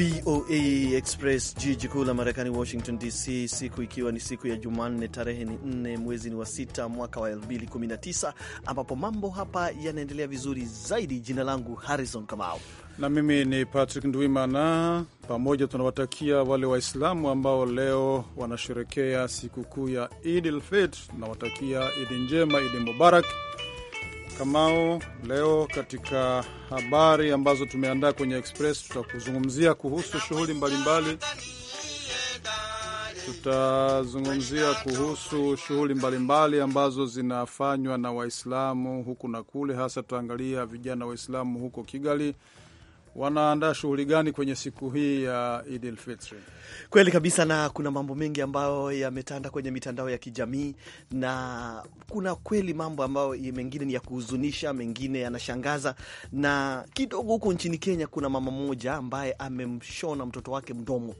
VOA Express, jiji kuu la Marekani, Washington DC, siku ikiwa ni siku ya Jumanne, tarehe ni nne, mwezi ni wa sita, mwaka wa 2019 ambapo mambo hapa yanaendelea vizuri zaidi. Jina langu Harrison Kamau na mimi ni Patrick Ndwimana. Pamoja tunawatakia wale Waislamu ambao leo wanasherekea sikukuu ya Idil Fitr, tunawatakia Idi njema, Idi Mubarak Kamao. Leo katika habari ambazo tumeandaa kwenye Express, tutakuzungumzia kuhusu shughuli mbalimbali tutazungumzia kuhusu shughuli mbalimbali ambazo zinafanywa na Waislamu huku na kule, hasa tutaangalia vijana Waislamu huko Kigali wanaandaa shughuli gani kwenye siku hii ya Idi el-Fitri? Kweli kabisa, na kuna mambo mengi ambayo yametanda kwenye mitandao ya kijamii, na kuna kweli mambo ambayo mengine ni ya kuhuzunisha, mengine yanashangaza. Na kidogo huko nchini Kenya, kuna mama mmoja ambaye amemshona mtoto wake mdomo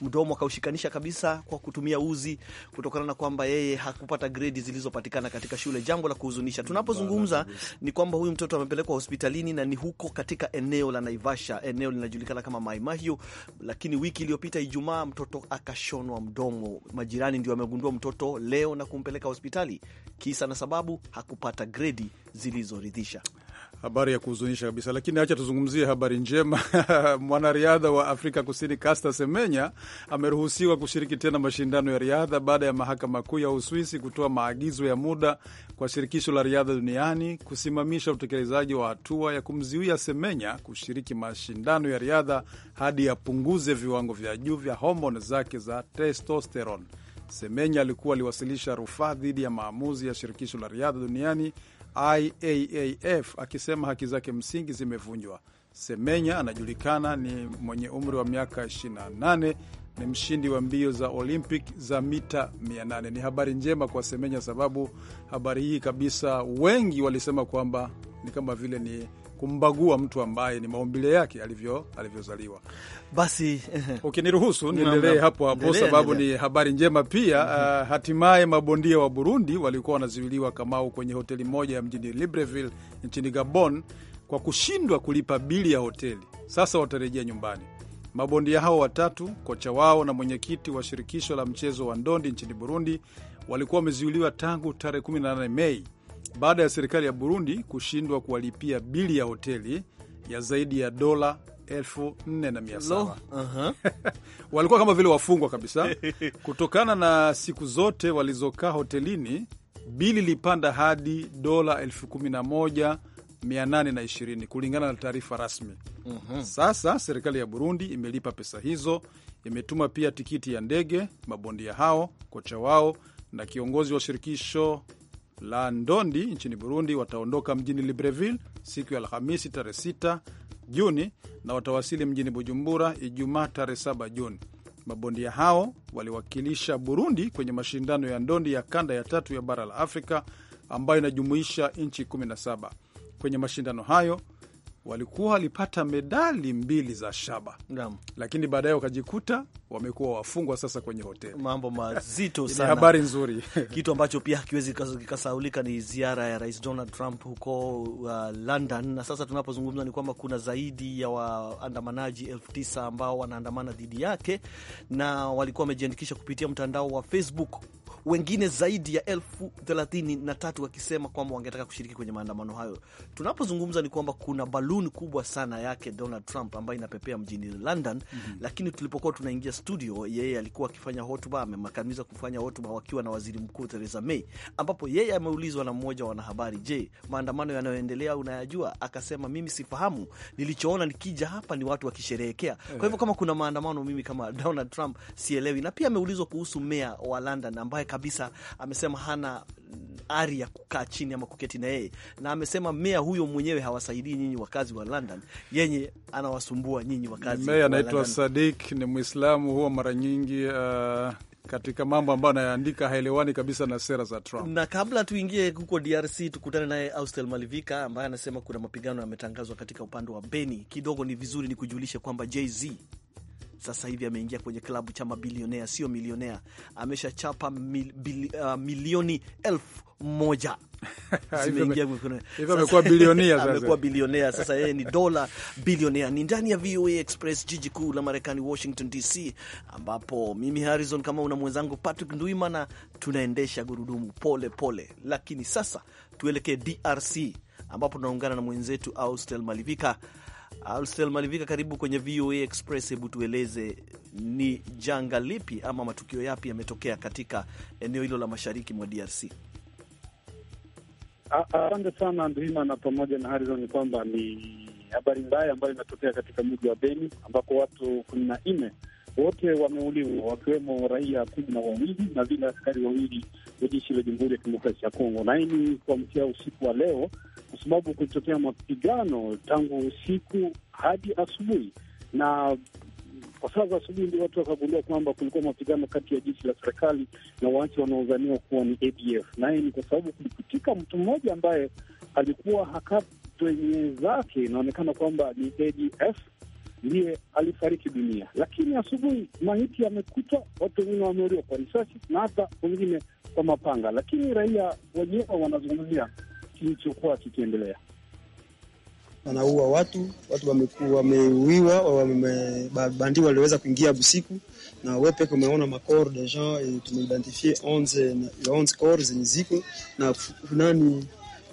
mdomo akaushikanisha kabisa kwa kutumia uzi, kutokana na kwamba yeye hakupata gredi zilizopatikana katika shule, jambo la kuhuzunisha. Tunapozungumza ni kwamba huyu mtoto amepelekwa hospitalini na ni huko katika eneo la Naivasha, eneo linajulikana kama maimahiu Lakini wiki iliyopita Ijumaa, mtoto akashonwa mdomo. Majirani ndio amegundua mtoto leo na kumpeleka hospitali, kisa na sababu hakupata gredi zilizoridhisha. Habari ya kuhuzunisha kabisa, lakini acha tuzungumzie habari njema. Mwanariadha wa Afrika Kusini Caster Semenya ameruhusiwa kushiriki tena mashindano ya riadha baada ya mahakama kuu ya Uswisi kutoa maagizo ya muda kwa shirikisho la riadha duniani kusimamisha utekelezaji wa hatua ya kumzuia Semenya kushiriki mashindano ya riadha hadi yapunguze viwango vya juu vya homoni zake za testosteron. Semenya alikuwa aliwasilisha rufaa dhidi ya maamuzi ya shirikisho la riadha duniani IAAF akisema haki zake msingi zimevunjwa. Semenya anajulikana ni mwenye umri wa miaka 28 ni mshindi wa mbio za Olympic za mita 800. Ni habari njema kwa Semenya, sababu habari hii kabisa, wengi walisema kwamba ni kama vile ni kumbagua mtu ambaye ni maumbile yake alivyo alivyozaliwa. Basi ukiniruhusu okay, niendelee hapo hapo sababu ni habari njema pia. mm -hmm. Uh, hatimaye mabondia wa Burundi walikuwa wanazuiliwa Kamau kwenye hoteli moja ya mjini Libreville nchini Gabon kwa kushindwa kulipa bili ya hoteli. Sasa watarejea nyumbani. Mabondia hao watatu, kocha wao na mwenyekiti wa shirikisho la mchezo wa ndondi nchini Burundi walikuwa wamezuiliwa tangu tarehe 18 Mei baada ya serikali ya Burundi kushindwa kuwalipia bili ya hoteli ya zaidi ya dola elfu nne na mia saba. Uh-huh. walikuwa kama vile wafungwa kabisa kutokana na siku zote walizokaa hotelini. Bili lipanda hadi dola elfu kumi na moja mia nane na ishirini kulingana na taarifa rasmi. mm Sasa serikali ya Burundi imelipa pesa hizo, imetuma pia tikiti ya ndege mabondia hao, kocha wao na kiongozi wa shirikisho la ndondi nchini Burundi wataondoka mjini Libreville siku ya Alhamisi tarehe 6 Juni na watawasili mjini Bujumbura Ijumaa tarehe 7 Juni. Mabondia hao waliwakilisha Burundi kwenye mashindano ya ndondi ya kanda ya tatu ya bara la Afrika ambayo inajumuisha nchi 17. Kwenye mashindano hayo walikuwa walipata medali mbili za shaba Naam. Lakini baadaye wakajikuta wamekuwa wafungwa sasa kwenye hoteli. Mambo mazito sana. Habari nzuri kitu ambacho pia hakiwezi kikasahulika ni ziara ya Rais Donald Trump huko uh, London, na sasa tunapozungumza ni kwamba kuna zaidi ya waandamanaji elfu tisa ambao wanaandamana dhidi yake na walikuwa wamejiandikisha kupitia mtandao wa Facebook wengine zaidi ya elfu thelathini na tatu wakisema kwamba wangetaka kushiriki kwenye maandamano hayo. Tunapozungumza ni kwamba kuna baluni kubwa sana yake Donald Trump ambayo inapepea mjini London. mm -hmm. Lakini tulipokuwa tunaingia studio, yeye alikuwa akifanya hotuba, amemakamiza kufanya hotuba wakiwa na waziri mkuu Theresa May, ambapo yeye ameulizwa na mmoja wa wanahabari, je, maandamano yanayoendelea unayajua? Akasema mimi sifahamu, nilichoona nikija hapa ni watu wakisherehekea. Kwa hivyo eh. kama kuna maandamano, mimi kama Donald Trump sielewi. Na pia ameulizwa kuhusu meya wa London ambaye ambaye kabisa amesema hana ari ya kukaa chini ama kuketi na yeye, na amesema meya huyo mwenyewe hawasaidii nyinyi wakazi wa London, yenye anawasumbua nyinyi wakazi. Meya anaitwa Sadik, ni Mwislamu, huwa mara nyingi uh katika mambo ambayo anayaandika haelewani kabisa na sera za Trump. Na kabla tuingie huko DRC, tukutane naye Austel Malivika ambaye anasema kuna mapigano yametangazwa katika upande wa Beni. Kidogo ni vizuri ni kujulisha kwamba JZ sasa hivi ameingia kwenye klabu cha mabilionea, sio milionea, ameshachapa mil, bil, uh, milioni elfu moja zimeingia amekuwa bilionea, amekuwa bilionea sasa. Yeye ni dola bilionea. Ni ndani ya VOA Express, jiji kuu la Marekani, Washington DC, ambapo mimi Harrison kama una mwenzangu Patrick Ndwimana tunaendesha gurudumu pole pole, lakini sasa tuelekee DRC ambapo tunaungana na mwenzetu Austel Malivika Alsel Malivika, karibu kwenye VOA Express. Hebu tueleze ni janga lipi ama matukio yapi yametokea katika eneo hilo la mashariki mwa DRC? Asante sana Ndima na pamoja na Harizon, kwamba ni habari mbaya ambayo imetokea katika mji wa Beni ambapo watu kumi na nne wote wameuliwa wakiwemo raia kumi na wawili na vile askari wawili wa jeshi la Jamhuri ya Kidemokrasia ya Kongo, na hii ni kuamkia usiku wa leo kwa sababu kulitokea mapigano tangu usiku hadi asubuhi, na kwa saa za asubuhi ndio watu wakagundua kwamba kulikuwa mapigano kati ya jeshi la serikali na waasi wanaodhaniwa kuwa ni ADF. Naye ni kwa sababu kulipitika mtu mmoja ambaye alikuwa haka wenye zake inaonekana kwamba ni ADF ndiye alifariki dunia, lakini asubuhi maiti yamekutwa, watu wengine wameuliwa kwa risasi na hata wengine kwa mapanga, lakini raia wenyewe wanazungumzia kilichokuwa kikiendelea. Wanaua watu, watu wamekuwa wameuiwa, wamebandi waliweza kuingia busiku na wepeke. Umeona makor de gens eh, tumeidentifie 11 11 corps zenye ziko na nani,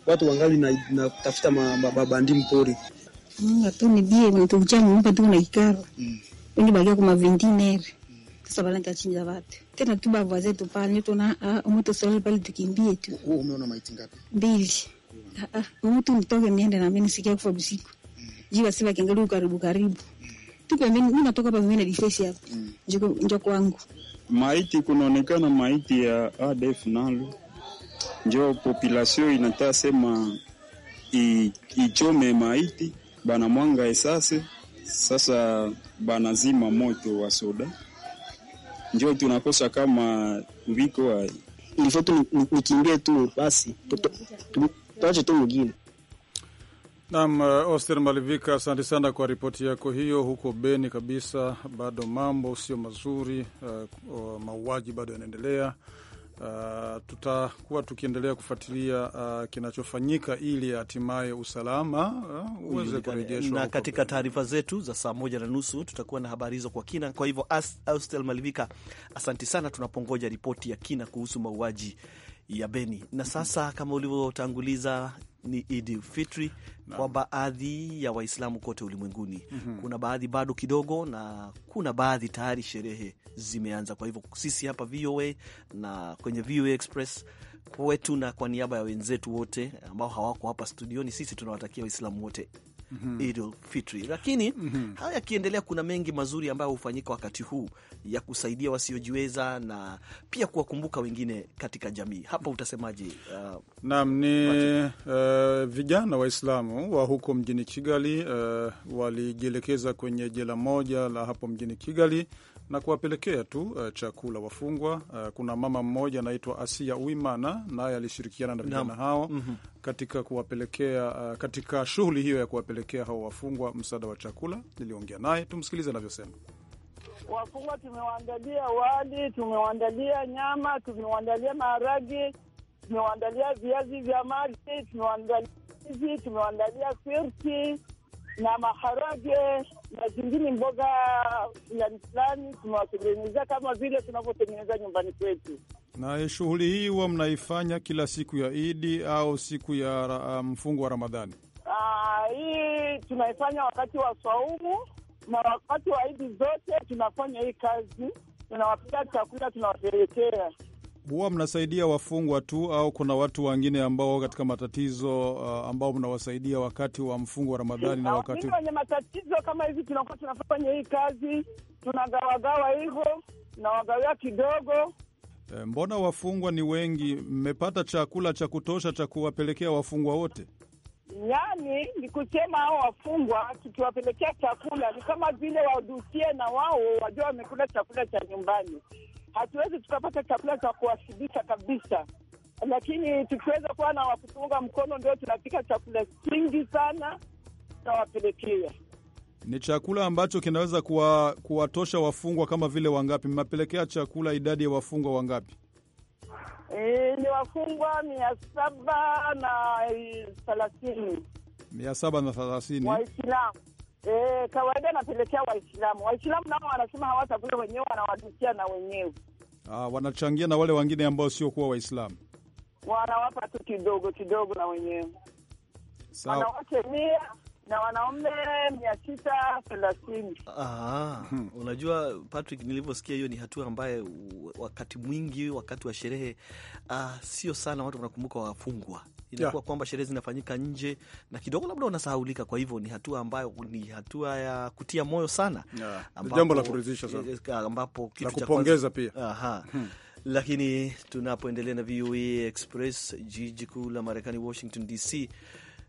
watu wangali na, na kutafuta mababandi mpori bie mm, atonibie tukuchamumba tu na ikara mm. wendi bakia kuma vintinere tusabalanta chinja watu tena tu tubavazetu pale tuna umoto ah, solali pale tukimbie tu. Umeona maiti ngapi? Mbili mtu nitoke niende na mimi nisikie kufa usiku. Jiwa sema kiangalia karibu karibu. Tu pembeni mimi natoka hapa mimi na defense hapa. Njoo njoo kwangu. Maiti kunaonekana maiti ya ADF nalo. njo population inataka sema ichome maiti bana mwanga esase sasa banazima moto wa soda, njo tunakosa kama viko ilifo, nikimbie tu basi tuache tu mwingine. Naam, eh, Oster Malivika, asante sana kwa ripoti yako hiyo. Huko Beni kabisa bado mambo sio mazuri, uh, mauaji bado yanaendelea. Uh, tutakuwa tukiendelea kufuatilia uh, kinachofanyika ili hatimaye usalama uh, uweze kurejeshwa. Na katika taarifa zetu za saa moja na nusu tutakuwa na habari hizo kwa kina. Kwa hivyo Austel Malivika, asanti sana, tunapongoja ripoti ya kina kuhusu mauaji ya Beni. Na sasa kama ulivyotanguliza ni Idi Fitri kwa baadhi ya Waislamu kote ulimwenguni. mm -hmm. Kuna baadhi bado kidogo, na kuna baadhi tayari sherehe zimeanza. Kwa hivyo sisi hapa VOA na kwenye VOA Express kwetu na kwa niaba ya wenzetu wote ambao hawako hapa studioni, sisi tunawatakia Waislamu wote mm -hmm. Fitri. Lakini mm -hmm. haya yakiendelea, kuna mengi mazuri ambayo hufanyika wakati huu ya kusaidia wasiojiweza na pia kuwakumbuka wengine katika jamii. Hapa utasemaje? Uh, naam, ni uh, vijana Waislamu wa huko mjini Kigali uh, walijielekeza kwenye jela moja la hapo mjini Kigali na kuwapelekea tu uh, chakula wafungwa. Uh, kuna mama mmoja anaitwa Asia Uimana, naye alishirikiana na vijana hao mm -hmm. katika kuwapelekea uh, katika shughuli hiyo ya kuwapelekea hao wafungwa msaada wa chakula. Niliongea naye, tumsikilize anavyosema. Wafungwa tumewaandalia wali, tumewaandalia nyama, tumewaandalia maharagi, tumewaandalia viazi vya maji, tumewaandalia hizi, tumewaandalia firti na maharage na zingine mboga fulani fulani tunawatengenezea kama vile tunavyotengeneza nyumbani kwetu. Na shughuli hii huwa mnaifanya kila siku ya Idi au siku ya ah, mfungo wa Ramadhani? Ah, hii tunaifanya wakati wa swaumu na wakati wa Idi zote tunafanya hii kazi, tunawapika chakula, tunawapelekea huwa mnasaidia wafungwa tu au kuna watu wengine ambao katika matatizo uh, ambao mnawasaidia wakati wa mfungo wa Ramadhani na wakati wenye matatizo kama hivi? Tunakuwa tunafanya hii kazi, tunagawagawa hivyo, tunawagawia kidogo. E, mbona wafungwa ni wengi? Mmepata chakula cha kutosha cha kuwapelekea wafungwa wote? Yani ni kusema hao wafungwa tukiwapelekea chakula ni kama vile wadusie na wao wajua wamekula chakula cha nyumbani hatuwezi tukapata chakula cha kuwashibisha kabisa, lakini tukiweza kuwa na wakutunga mkono, ndio tunapika chakula kingi sana tunawapelekea. Ni chakula ambacho kinaweza kuwatosha wafungwa kama vile wangapi? Mmapelekea chakula idadi ya wafungwa wangapi? E, ni wafungwa mia saba na thelathini mia saba na thelathini Waislamu. E, kawaida napelekea Waislamu. Waislamu nao wanasema hawatakula wenyewe, wanawadukia na wenyewe uh, wanachangia na wale wengine ambao sio kuwa Waislamu wanawapa tu kidogo kidogo, na wenyewe wanawake mia na wanaume mia sita thelathini. Ah, hmm. Unajua Patrick, nilivyosikia hiyo ni hatua ambayo wakati mwingi wakati wa sherehe ah, sio sana watu wanakumbuka wafungwa inakuwa kwamba sherehe zinafanyika nje na kidogo labda unasahaulika. Kwa hivyo ni hatua ambayo ni hatua ya kutia moyo sana, jambo la kuridhisha sana, eh, eh, ambapo kitu cha kupongeza pia. Aha. Hmm. Lakini tunapoendelea na VOA Express, jiji kuu la Marekani, Washington DC,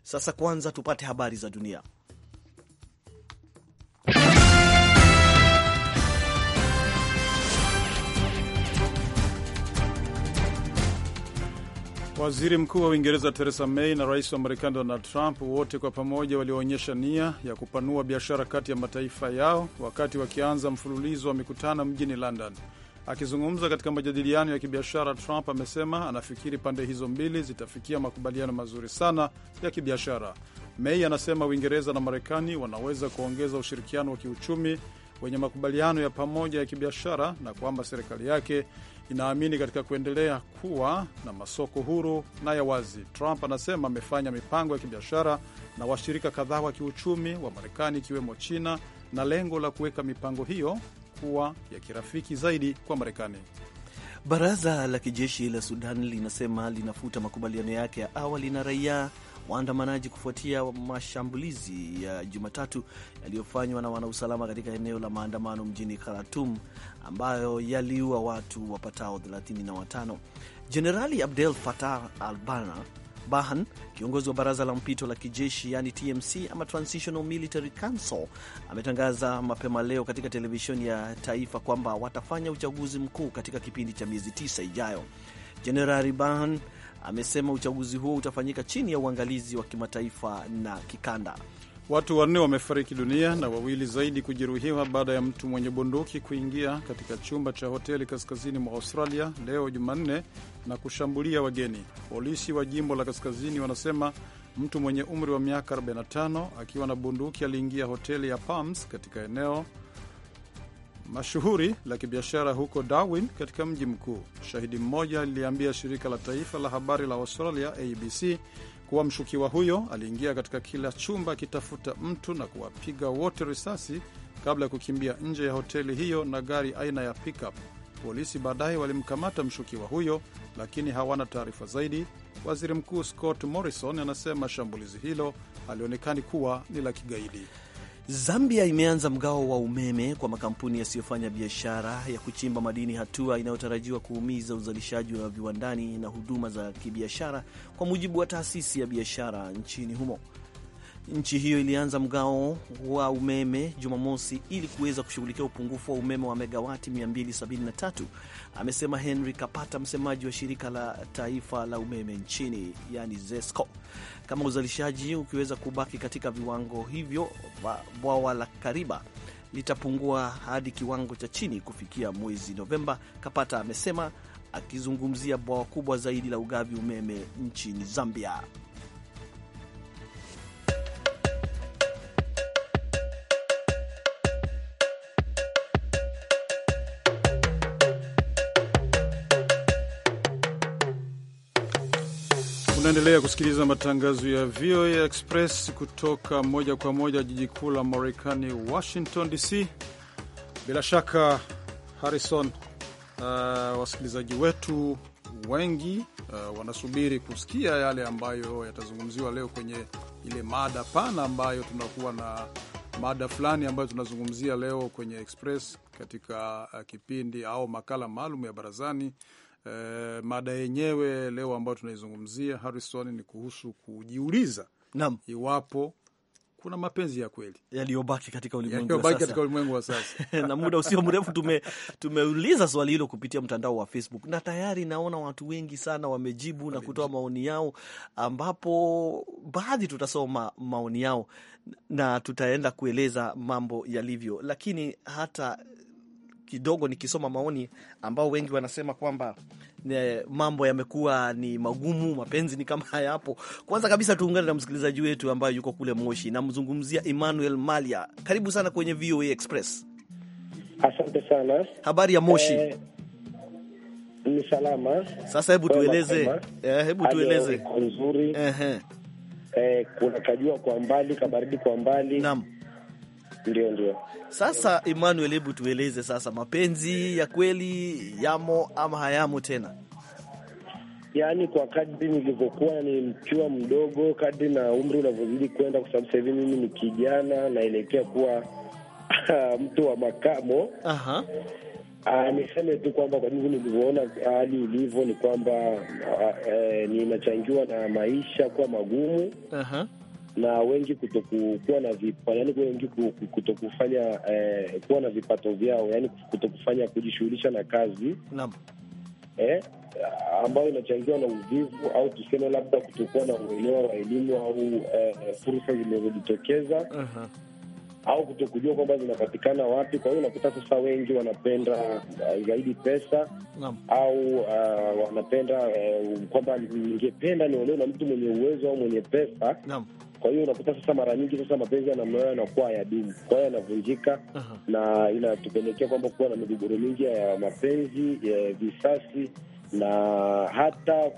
sasa kwanza tupate habari za dunia. Waziri Mkuu wa Uingereza Theresa May na rais wa Marekani Donald Trump wote kwa pamoja walioonyesha nia ya kupanua biashara kati ya mataifa yao wakati wakianza mfululizo wa mikutano mjini London. Akizungumza katika majadiliano ya kibiashara, Trump amesema anafikiri pande hizo mbili zitafikia makubaliano mazuri sana ya kibiashara. May anasema Uingereza na Marekani wanaweza kuongeza ushirikiano wa kiuchumi wenye makubaliano ya pamoja ya kibiashara na kwamba serikali yake inaamini katika kuendelea kuwa na masoko huru na ya wazi. Trump anasema amefanya mipango ya kibiashara na washirika kadhaa wa kiuchumi wa Marekani ikiwemo China na lengo la kuweka mipango hiyo kuwa ya kirafiki zaidi kwa Marekani. Baraza la kijeshi la Sudan linasema linafuta makubaliano yake ya awali na raia waandamanaji kufuatia mashambulizi ya Jumatatu yaliyofanywa na wanausalama katika eneo la maandamano mjini Khartoum ambayo yaliua watu wapatao 35. Jenerali Abdel Fattah al-Burhan Bahan, kiongozi wa baraza la mpito la kijeshi yani TMC ama Transitional Military Council, ametangaza mapema leo katika televisheni ya taifa kwamba watafanya uchaguzi mkuu katika kipindi cha miezi tisa ijayo. Jenerali Bahan amesema uchaguzi huo utafanyika chini ya uangalizi wa kimataifa na kikanda. Watu wanne wamefariki dunia na wawili zaidi kujeruhiwa baada ya mtu mwenye bunduki kuingia katika chumba cha hoteli kaskazini mwa Australia leo Jumanne na kushambulia wageni. Polisi wa jimbo la kaskazini wanasema mtu mwenye umri wa miaka 45 akiwa na bunduki aliingia hoteli ya Palms katika eneo mashuhuri la kibiashara huko Darwin katika mji mkuu. Shahidi mmoja aliliambia shirika la taifa la habari la Australia ABC kuwa mshukiwa huyo aliingia katika kila chumba akitafuta mtu na kuwapiga wote risasi kabla ya kukimbia nje ya hoteli hiyo na gari aina ya pickup. Polisi baadaye walimkamata mshukiwa huyo, lakini hawana taarifa zaidi. Waziri Mkuu Scott Morrison anasema shambulizi hilo halionekani kuwa ni la kigaidi. Zambia imeanza mgao wa umeme kwa makampuni yasiyofanya biashara ya kuchimba madini, hatua inayotarajiwa kuumiza uzalishaji wa viwandani na huduma za kibiashara, kwa mujibu wa taasisi ya biashara nchini humo. Nchi hiyo ilianza mgao wa umeme Jumamosi ili kuweza kushughulikia upungufu wa umeme wa megawati 273, amesema Henry Kapata, msemaji wa shirika la taifa la umeme nchini, yani ZESCO. Kama uzalishaji ukiweza kubaki katika viwango hivyo, bwawa la Kariba litapungua hadi kiwango cha chini kufikia mwezi Novemba, Kapata amesema, akizungumzia bwawa kubwa zaidi la ugavi umeme nchini Zambia. Unaendelea kusikiliza matangazo ya VOA Express kutoka moja kwa moja jiji kuu la Marekani, Washington DC. Bila shaka Harrison, uh, wasikilizaji wetu wengi uh, wanasubiri kusikia yale ambayo yatazungumziwa leo kwenye ile mada pana ambayo tunakuwa na mada fulani ambayo tunazungumzia leo kwenye Express katika uh, kipindi au makala maalum ya barazani eh, mada yenyewe leo ambayo tunaizungumzia Harrison, ni kuhusu kujiuliza Nam. iwapo kuna mapenzi ya kweli yaliyobaki katika ulimwengu wa sasa. Na muda usio mrefu tume, tumeuliza swali hilo kupitia mtandao wa Facebook na tayari naona watu wengi sana wamejibu na kutoa maoni yao, ambapo baadhi tutasoma maoni yao na tutaenda kueleza mambo yalivyo, lakini hata kidogo nikisoma maoni ambao wengi wanasema kwamba ne, eh, mambo yamekuwa ni magumu, mapenzi ni kama hayapo. Kwanza kabisa tuungane na msikilizaji wetu ambaye yuko kule Moshi, namzungumzia Emmanuel Malia. Karibu sana kwenye VOA Express. Asante sana. Habari ya Moshi? Eh, ni salama. Sasa hebu tueleze, eh, hebu tueleze nzuri. Eh, eh, kuna kajua kwa mbali, kabaridi kwa mbali. Naam. Ndio, ndio. Sasa Emmanuel, hebu tueleze sasa, mapenzi ya kweli yamo ama hayamo tena? Yaani, kwa kadri nilivyokuwa ni mkiwa mdogo, kadri na umri unavyozidi kwenda, kwa sababu sahivi mimi ni kijana naelekea kuwa mtu wa makamo. Aha. Uh, niseme tu kwamba kwa jinsi nilivyoona hali ilivyo ni kwamba uh, eh, ninachangiwa na maisha kuwa magumu. Aha na wengi kutokuwa na vipato, yani wengi kutokufanya eh, kuwa na vipato vyao, yani kutokufanya kujishughulisha na kazi naam, eh, ambayo inachangiwa na uvivu au tuseme labda kutokuwa na uelewa wa elimu au eh, fursa zinazojitokeza uh-huh au kutokujua kwamba zinapatikana wapi. Kwa hiyo unakuta sasa wengi wanapenda uh, zaidi pesa Nam. au uh, wanapenda uh, kwamba ningependa niolewe na mtu mwenye uwezo au mwenye pesa Nam. Kwa hiyo unakuta sasa, mara nyingi sasa mapenzi ya namna hiyo yanakuwa hayadumu, kwa hiyo yanavunjika, na inatupelekea kwamba kuwa na migogoro mingi ya mapenzi ya visasi na hata uh,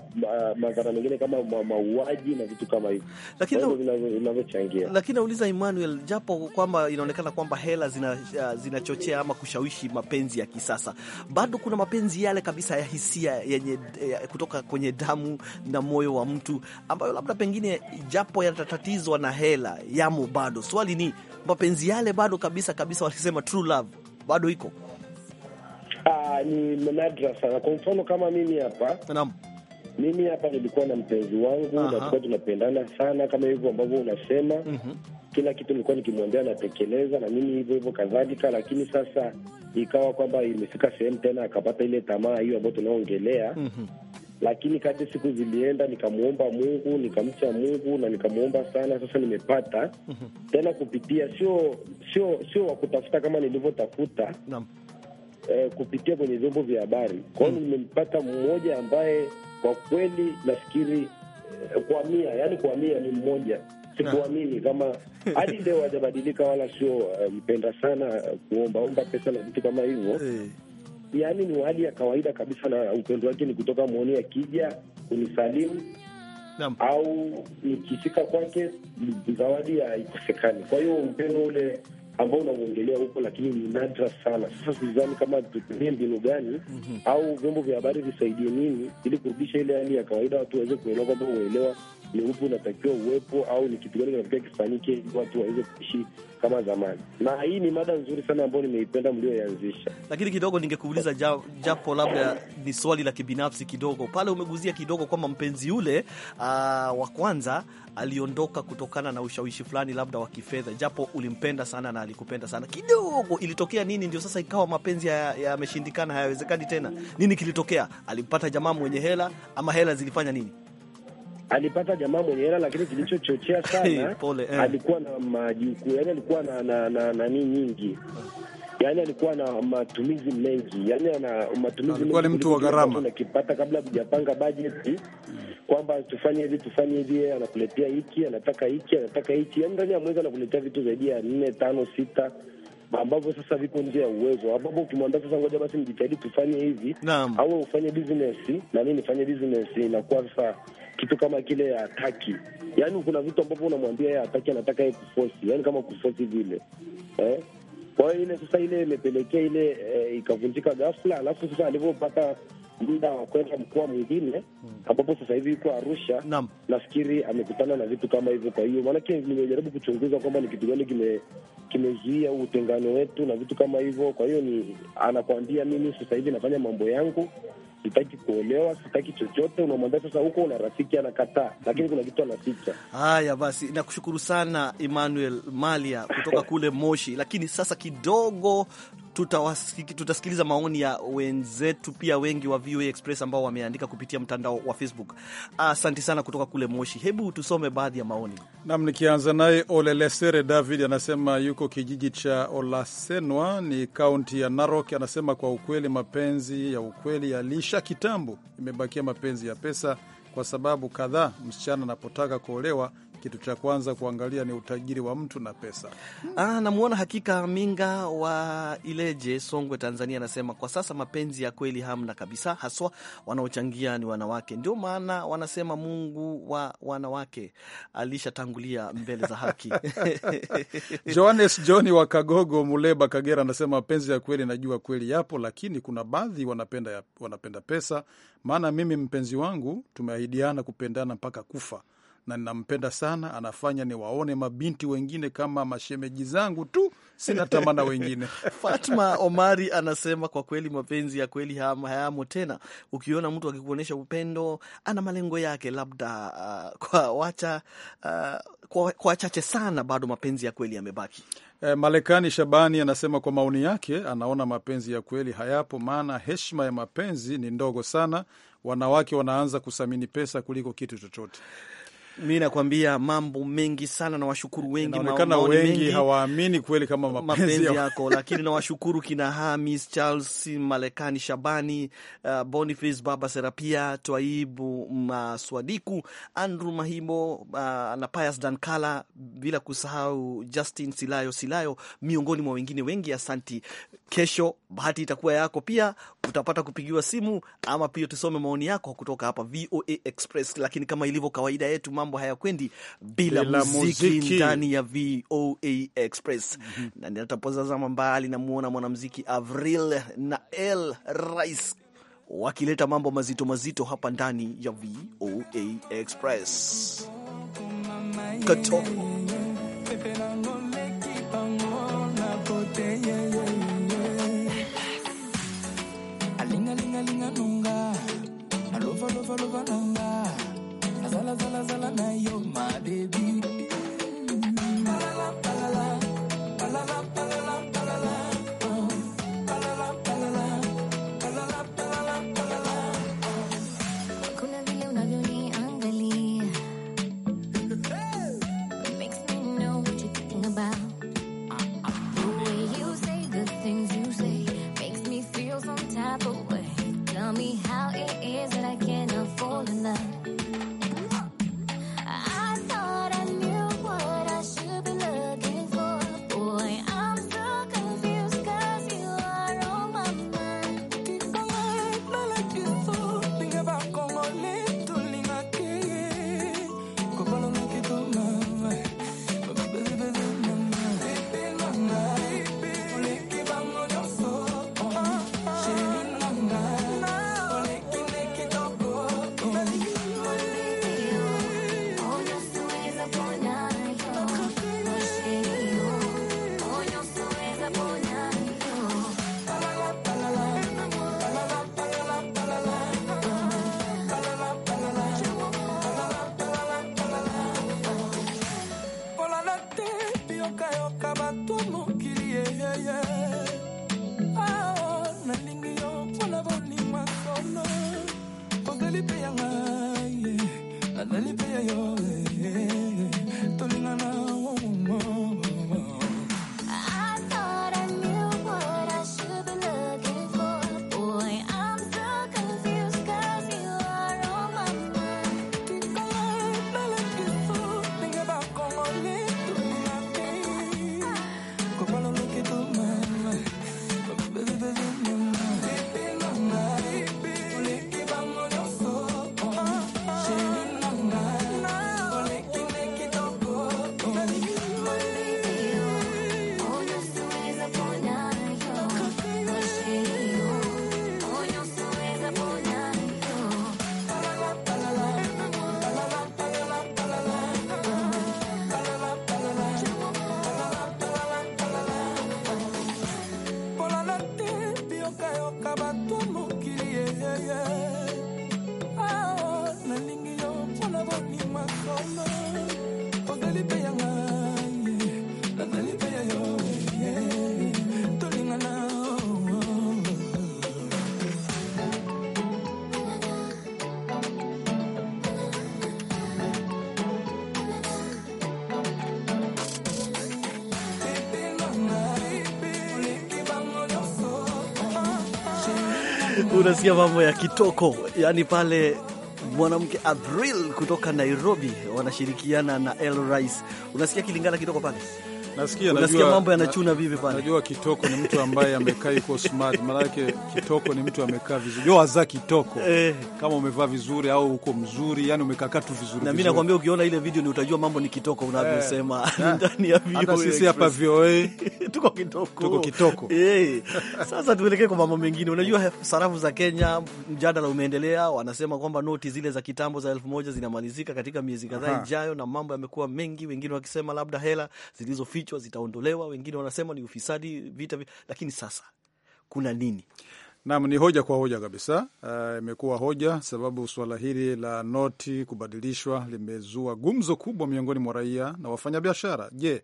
madhara mengine kama mauaji na vitu kama hivyo, inavyochangia. Lakini nauliza Emmanuel, japo kwamba inaonekana kwamba hela uh, zinachochea zina ama kushawishi mapenzi ya kisasa, bado kuna mapenzi yale kabisa ya hisia yenye eh, kutoka kwenye damu na moyo wa mtu ambayo labda pengine japo yatatatizwa na hela, yamo bado. Swali ni mapenzi yale bado kabisa kabisa, walisema true love bado iko Ah, ni nadra sana. Kwa mfano kama mimi hapa naam, mimi hapa nilikuwa na mpenzi wangu na tulikuwa tunapendana sana kama hivyo ambavyo unasema mm -hmm. Kila kitu nilikuwa nikimwambia natekeleza, na mimi hivyo hivyo kadhalika, lakini sasa ikawa kwamba imefika sehemu tena akapata ile tamaa hiyo ambayo tunaongelea mm -hmm. Lakini kati siku zilienda, nikamwomba Mungu, nikamcha Mungu na nikamwomba sana. Sasa nimepata mm -hmm. tena kupitia, sio sio sio wakutafuta kama nilivyotafuta eh, kupitia kwenye vyombo vya habari. Kwa hiyo hmm. nimempata mmoja ambaye kwa kweli nafikiri eh, kwa mia, yani kwa mia ni mmoja sikuamini ah. kama hadi leo hajabadilika, wala sio eh, mpenda um, sana kuombaomba pesa na vitu kama hivyo hey. Eh. Yani ni hali ya kawaida kabisa, na upendo wake ni kutoka mwoni akija kunisalimu au nikifika kwake zawadi haikosekani. Kwa hiyo upendo ule ambao unauongelea huko, lakini ni nadra sana. Sasa sidhani kama tutumie mbinu gani mm -hmm. au vyombo vya habari visaidie nini ili kurudisha ile hali ya kawaida, watu waweze kuelewa kwamba uelewa ni upo unatakiwa uwepo au ni kitu gani kinatakiwa kifanyike ili watu waweze kuishi kama zamani. Na hii ni mada nzuri sana ambayo nimeipenda mlioianzisha, lakini kidogo ningekuuliza ja, japo labda ni swali la kibinafsi kidogo. Pale umeguzia kidogo kwamba mpenzi yule uh, wa kwanza aliondoka kutokana na ushawishi fulani labda wa kifedha, japo ulimpenda sana na alikupenda sana kidogo. Ilitokea nini ndio sasa ikawa mapenzi yameshindikana, ya hayawezekani tena? Nini kilitokea? Alimpata jamaa mwenye hela ama hela zilifanya nini? Alipata jamaa mwenye hela, lakini kilichochochea sana pole, eh. alikuwa na majukuu yani alikuwa na nani na, na, nyingi yani alikuwa na matumizi mengi, yani ana matumizi mengi, ni mtu wa gharama, nakipata kabla hujapanga bajeti kwamba tufanye hivi tufanye hivi, anakuletea hiki, anataka hiki, anataka hiki, yani ndani ya mwezi anakuletea vitu zaidi ya nne tano sita ambavyo sasa vipo nje ya uwezo, ambapo ukimwambia sasa, ngoja basi mjitahidi tufanye hivi au ufanye business na mimi nifanye business, inakuwa sasa kitu kama kile ya hataki. Yani kuna vitu ambavyo unamwambia yeye hataki, anataka yeye kuforce, yani kama kuforce vile eh kwa hiyo ile sasa ile imepelekea ile e, ikavunjika ghafla, alafu sasa alivyopata muda wa kwenda mkoa mwingine hmm. ambapo sasa hivi yuko Arusha. Naam, nafikiri amekutana na vitu kama hivyo. Kwa hiyo maanake nimejaribu kuchunguza kwamba ni kitu gani kime kimezuia utengano wetu na vitu kama hivyo. Kwa hiyo ni anakuambia mimi sasa hivi nafanya mambo yangu sitaki kuolewa, sitaki chochote. Unamwambia sasa, huko una rafiki anakataa, lakini kuna kitu anaficha. Haya basi, nakushukuru sana Emmanuel Malia kutoka kule Moshi. Lakini sasa kidogo tutasikiliza maoni ya wenzetu pia wengi wa VOA Express ambao wameandika kupitia mtandao wa Facebook. Asante sana kutoka kule Moshi. Hebu tusome baadhi ya maoni nam, nikianza naye Olelesere David anasema yuko kijiji cha Olasenwa ni kaunti ya Narok. Anasema kwa ukweli, mapenzi ya ukweli yalish imekwisha kitambo, imebakia mapenzi ya pesa, kwa sababu kadhaa msichana anapotaka kuolewa kitu cha kwanza kuangalia ni utajiri wa mtu na pesa. Ah, namuona hakika Minga wa Ileje, Songwe, Tanzania, anasema kwa sasa mapenzi ya kweli hamna kabisa, haswa wanaochangia ni wanawake. Ndio maana wanasema Mungu wa wanawake alishatangulia mbele za haki. Johannes Johni wa Kagogo, Muleba, Kagera, anasema mapenzi ya kweli najua kweli yapo, lakini kuna baadhi wanapenda, wanapenda pesa. Maana mimi mpenzi wangu tumeahidiana kupendana mpaka kufa na ninampenda sana, anafanya ni waone mabinti wengine kama mashemeji zangu tu, sina tamana wengine. Fatma Omari anasema kwa kweli mapenzi ya kweli hayamo tena. Ukiona mtu akikuonyesha upendo, ana malengo yake, labda uh, kwa wacha uh, kwa, kwa wachache sana bado mapenzi ya kweli yamebaki. E, Malekani Shabani anasema kwa maoni yake anaona mapenzi ya kweli hayapo, maana heshima ya mapenzi ni ndogo sana. Wanawake wanaanza kusamini pesa kuliko kitu chochote mi nakwambia mambo mengi sana, nawashukuru wengi, naonekana wengi hawaamini kweli kama mapenzi yako lakini nawashukuru kina Hamis Charles Malekani, Shabani uh, Boniface Baba Serapia, Twaibu Maswadiku, Andrew Mahimo uh, na Pius Dankala, bila kusahau Justin Silayo Silayo, miongoni mwa wengine wengi. Asanti. Kesho bahati itakuwa yako pia, utapata kupigiwa simu ama pia tusome maoni yako kutoka hapa VOA Express, lakini kama ilivyo kawaida yetu mambo hayakwendi bila, bila muziki, muziki ndani ya VOA Express mm -hmm. na ninatapozazama mbali namwona mwanamuziki Avril na El Rais wakileta mambo mazito mazito hapa ndani ya VOA Express Kato. zala zala zala na yo my baby. solo, ponte el IP a nadie, a nadie yo, eh. unasikia mambo ya kitoko, yani pale mwanamke April kutoka Nairobi wanashirikiana na El Rais. Unasikia kilingana kitoko pale Nasikia, nasikia mambo yanachuna vivi pale. Najua kitoko ni mtu ambaye amekaa yuko smart, maanake kitoko ni mtu amekaa vizuri. yo za kitoko eh, kama umevaa vizuri au uko mzuri, yani umekaa tu vizuri. Na mimi nakwambia ukiona ile video ni utajua mambo ni kitoko unavyosema. Eh. Ndani ya hata sisi hapa VOA tuko kitoko, tuko kitoko. Hey, sasa tuelekee kwa mambo mengine. Unajua, sarafu za Kenya, mjadala umeendelea, wanasema kwamba noti zile za kitambo za elfu moja zinamalizika katika miezi kadhaa ijayo, na mambo yamekuwa mengi, wengine wakisema labda hela zilizofichwa zitaondolewa, wengine wanasema ni ufisadi, vita, vita. Lakini sasa kuna nini? Naam, ni hoja kwa hoja kabisa. Eh, imekuwa uh, hoja sababu suala hili la noti kubadilishwa limezua gumzo kubwa miongoni mwa raia na wafanyabiashara. Je,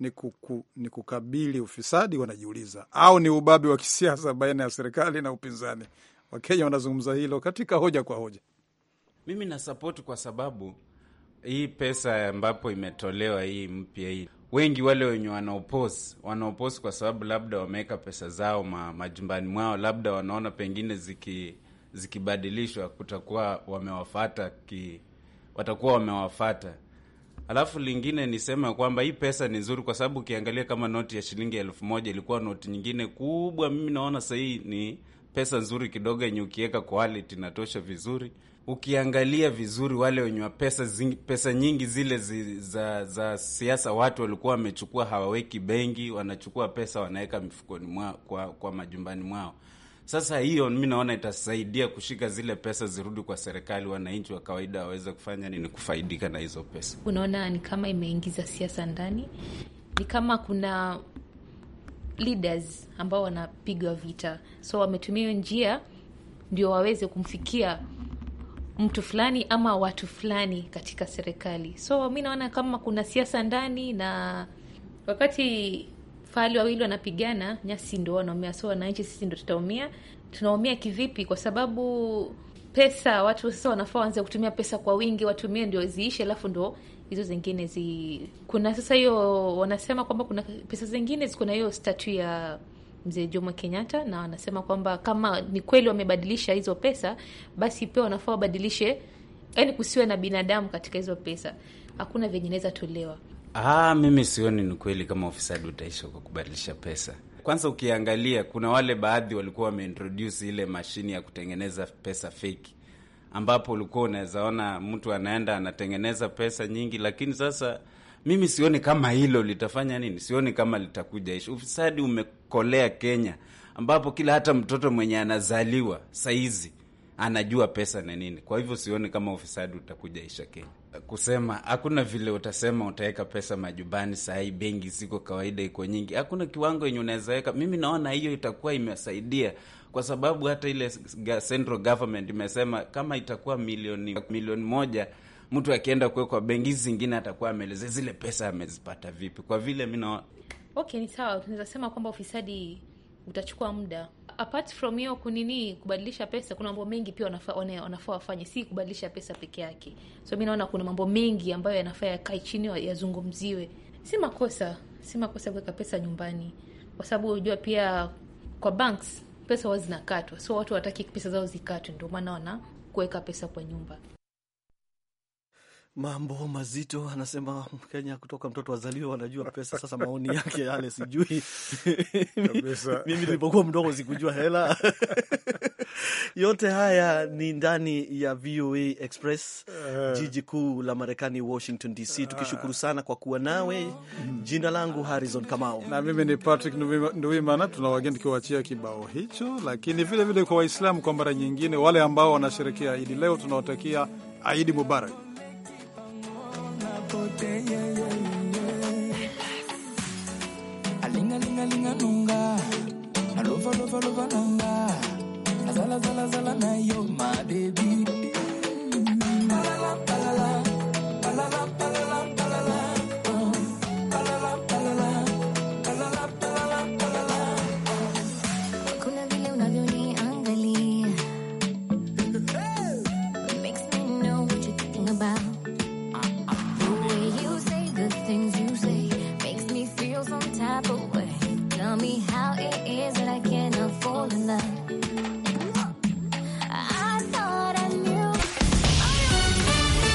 ni, kuku, ni kukabili ufisadi wanajiuliza, au ni ubabe wa kisiasa baina ya serikali na upinzani? Wakenya wanazungumza hilo katika hoja kwa hoja. Mimi nasapoti kwa sababu hii pesa ambapo imetolewa hii mpya hii, wengi wale wenye wanaoposi wanaoposi kwa sababu labda wameweka pesa zao ma, majumbani mwao, labda wanaona pengine ziki zikibadilishwa kutakuwa wamewafata ki watakuwa wamewafata Alafu lingine nisema kwamba hii pesa ni nzuri, kwa sababu ukiangalia kama noti ya shilingi elfu moja ilikuwa noti nyingine kubwa, mimi naona sahii ni pesa nzuri kidogo, yenye ukiweka quality inatosha vizuri. Ukiangalia vizuri, wale wenye pesa zingi, pesa nyingi zile zi, za, za siasa watu walikuwa wamechukua, hawaweki benki, wanachukua pesa wanaweka mifukoni mwao, kwa, kwa majumbani mwao. Sasa hiyo mi naona itasaidia kushika zile pesa zirudi kwa serikali, wananchi wa kawaida waweze kufanya nini, kufaidika na hizo pesa. Unaona, ni kama imeingiza siasa ndani, ni kama kuna leaders ambao wanapigwa vita, so wametumia hiyo njia ndio waweze kumfikia mtu fulani ama watu fulani katika serikali. So mi naona kama kuna siasa ndani, na wakati fahali wawili wanapigana, nyasi ndo wanaumia. So wananchi sisi ndo tutaumia. Tunaumia kivipi? Kwa sababu pesa, watu sasa wanafaa waanze kutumia pesa kwa wingi, watumie ndio ziishe, alafu ndo hizo zingine zi... kuna sasa hiyo wanasema kwamba kuna pesa zingine ziko na hiyo statu ya mzee Jomo Kenyatta, na wanasema kwamba kama ni kweli wamebadilisha hizo pesa, basi pia wanafaa wabadilishe, yani kusiwe na binadamu katika hizo pesa. Hakuna venye inaweza tolewa Ah, mimi sioni ni kweli kama ufisadi utaisha kwa kubadilisha pesa. Kwanza ukiangalia, kuna wale baadhi walikuwa wameintroduce ile mashini ya kutengeneza pesa fake, ambapo ulikuwa unaweza ona mtu anaenda anatengeneza pesa nyingi, lakini sasa mimi sioni kama hilo litafanya nini, sioni kama litakuja ishu. Ufisadi umekolea Kenya, ambapo kila hata mtoto mwenye anazaliwa saizi anajua pesa na nini. Kwa hivyo sioni kama ufisadi utakuja isha Kenya kusema hakuna vile utasema utaweka pesa majumbani. Saa hii benki ziko kawaida, iko nyingi, hakuna kiwango yenye unaweza weka. Mimi naona hiyo itakuwa imesaidia, kwa sababu hata ile central government imesema kama itakuwa milioni milioni moja mtu akienda kuwekwa benki zingine atakuwa ameeleza zile pesa amezipata vipi. Kwa vile mi naona okay, ni sawa, tunaweza sema kwamba ufisadi utachukua muda apart from hiyo kunini kubadilisha pesa, kuna mambo mengi pia wanafaa wafanye, si kubadilisha pesa peke yake. So mi naona kuna mambo mengi ambayo yanafaa yakae chini yazungumziwe. Si makosa, si makosa kuweka pesa nyumbani, kwa sababu unajua pia kwa banks pesa huwa zinakatwa, so watu wataki pesa zao zikatwe, ndio maana wana kuweka pesa kwa nyumba. Mambo mazito anasema Mkenya kutoka mtoto wazaliwa wanajua pesa. Sasa maoni yake yale sijui mimi nilipokuwa mdogo sikujua hela yote haya ni ndani ya VOA Express, eh. jiji kuu la Marekani, Washington DC. Ah. Tukishukuru sana kwa kuwa nawe. Mm. Jina langu Harrison Kamau na mimi ni Patrick Nduimana. Tunawageni tukiwachia kibao hicho, lakini vilevile kwa Waislamu kwa mara nyingine, wale ambao wanasherekea Idi leo tunawatakia Aidi Mubarak. popote yeah, alinga nunga nanga azala zala na yo, my baby